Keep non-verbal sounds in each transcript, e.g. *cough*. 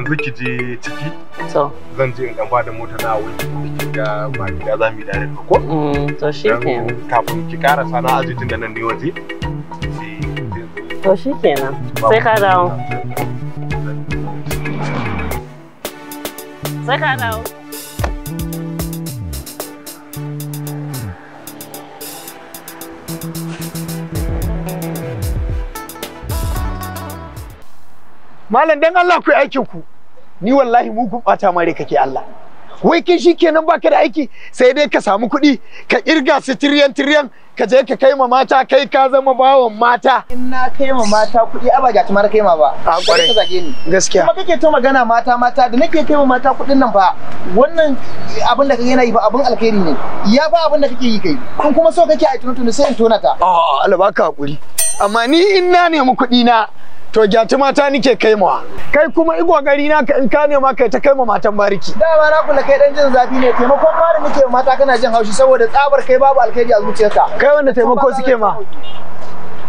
yanzu ki je ciki zan je in dan bada mota na wani ki ga ba gida za mu dare ko mm, to shikenan kafin ki ƙara sana aje tun da nan ne waje to shikenan sai ka dawo sai ka dawo Malam dan Allah ku aikin ku. ni wallahi mu gubata mare kake Allah wai kai kenan baka da aiki sai dai ka samu kuɗi ka kirga su tiriyan tiriyan ka je ka kai ma mata kai ka zama bawan mata in na kai ma mata kuɗi a ba gatumar kai ma ba a kwarai ka zage ni gaskiya kuma kake ta magana mata mata da nake kai ma mata kuɗin nan ba, wannan abin da kake yana yi ba abin alkhairi ne ya ba abin da kake yi kai kun kuma so kake a ne sai in tonata. a Allah baka hakuri amma ni in na nemi kuɗi na to gyati mata nike kai mawa kai kuma igwa gari na in ka ma kai ta kai ma matan bariki Da ba na kula kai dan jin zafi ne taimakon ma da nike mata kana jin haushi saboda tsabar kai babu alkaji a zuciyarka kai wanda taimako suke ma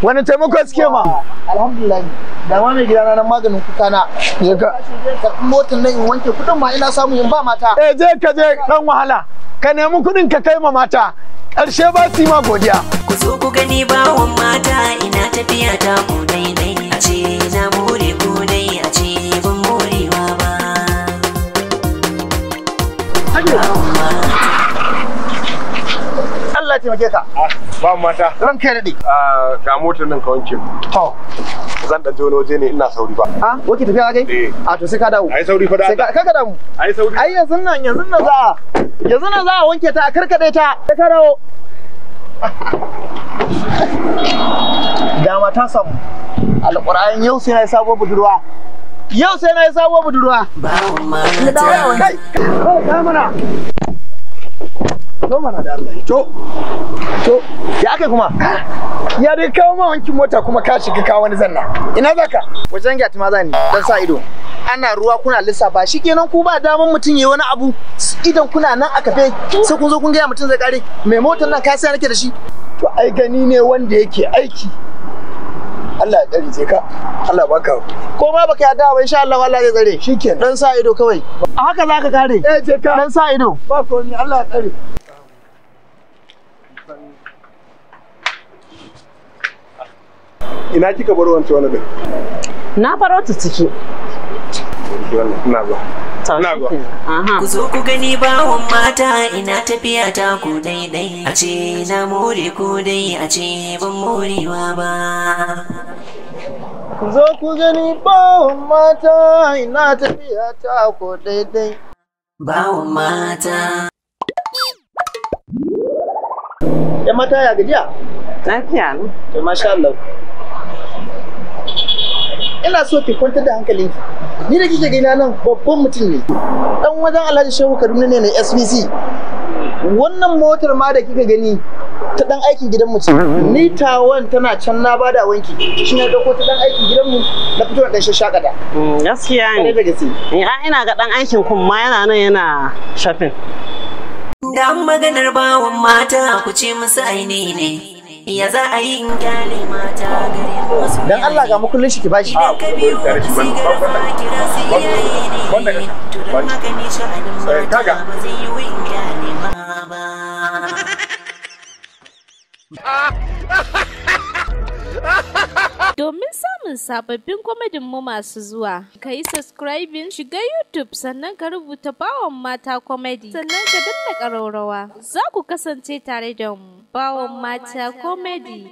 wani taimako suke ma alhamdulillah da ma mai gidana nan maganin kuka na je ka motar nan in wanke kudin ma ina samu in ba mata eh je ka je dan wahala ka nemi kudin ka kai ma mata ƙarshe ba su yi ma godiya ku zo ku gani bawon mata ina tafiya ta ku daidai ce na more ko dai a ce ban morewa ba Allah taimake ka ah, ba mata ran kai daɗi. Ah, ga motar nan ka wanke to zan ɗan jono je ne ina sauri ba a ah, wake tafiya kai eh. a to sai ka dawo ai sauri fa da ka ka damu ai sauri ai yanzu nan yanzu nan za yanzu nan za a wanke ta a karkade ta sai ka dawo *laughs* dama ta samu alƙur'an yau sai na yi sabuwar budurwa yau sai na yi sabuwar budurwa kai kai mana to mana da Allah to to ya kai kuma ya dai kawo ma wankin mota kuma ka shiga kawo wani zanna ina zaka wajen gyati ma zani dan sa ido ana ruwa kuna lissafa shi kenan ku ba daman mutum yi wani abu idan kuna nan a kafe sai kun zo kun gaya mutum zai kare mai motar nan ka sai nake da shi to ai gani ne wanda yake aiki Allah ya tsare ce ka Allah baka ko ma baka yarda ba insha Allah Allah zai tsare shikenan dan sa ido kawai a haka zaka kare eh je ka dan sa ido ba ko ni Allah ya tsare ina kika bar wancan wani din na faro ta ciki ina ba Ku gani bawon mata ina tafiya ta ku daidai a ce na more ku dai a ce ban morewa ba. Ku gani bawon mata ina tafiya ta ku daidai. Bawon mata. Ya mata ya gajiya? Lafiya ne. To masha Allah. ina so ki kwantar da hankalinki ni da kike gina nan babban mutum ne dan wajen Alhaji Shehu Kaduna ne na SBC wannan motar ma da kika gani ta dan aikin mu ce ni tawon tana can na bada wanki shi ne dauko ta dan aikin mu na fito na dan shakada mm, gaskiya ne eh, ina ga dan aikin kuma yana nan yana shafin dan maganar bawan mata ku ce musu ainihi ne ya za a yi in mata gare musu dan Allah ga mukullin shi ki bashi idan ka biyo sai ga fa kira sai yayi ne to dan magani sha'anin mata ba zai yi in gyale ma ba *laughs* domin samun sababbin kwamedin mu masu zuwa. Ka yi subscribing shiga YouTube sannan ka rubuta bawan mata komedi. sannan ka danna ƙararrawa. Za ku kasance tare da mu bawan mata komedi.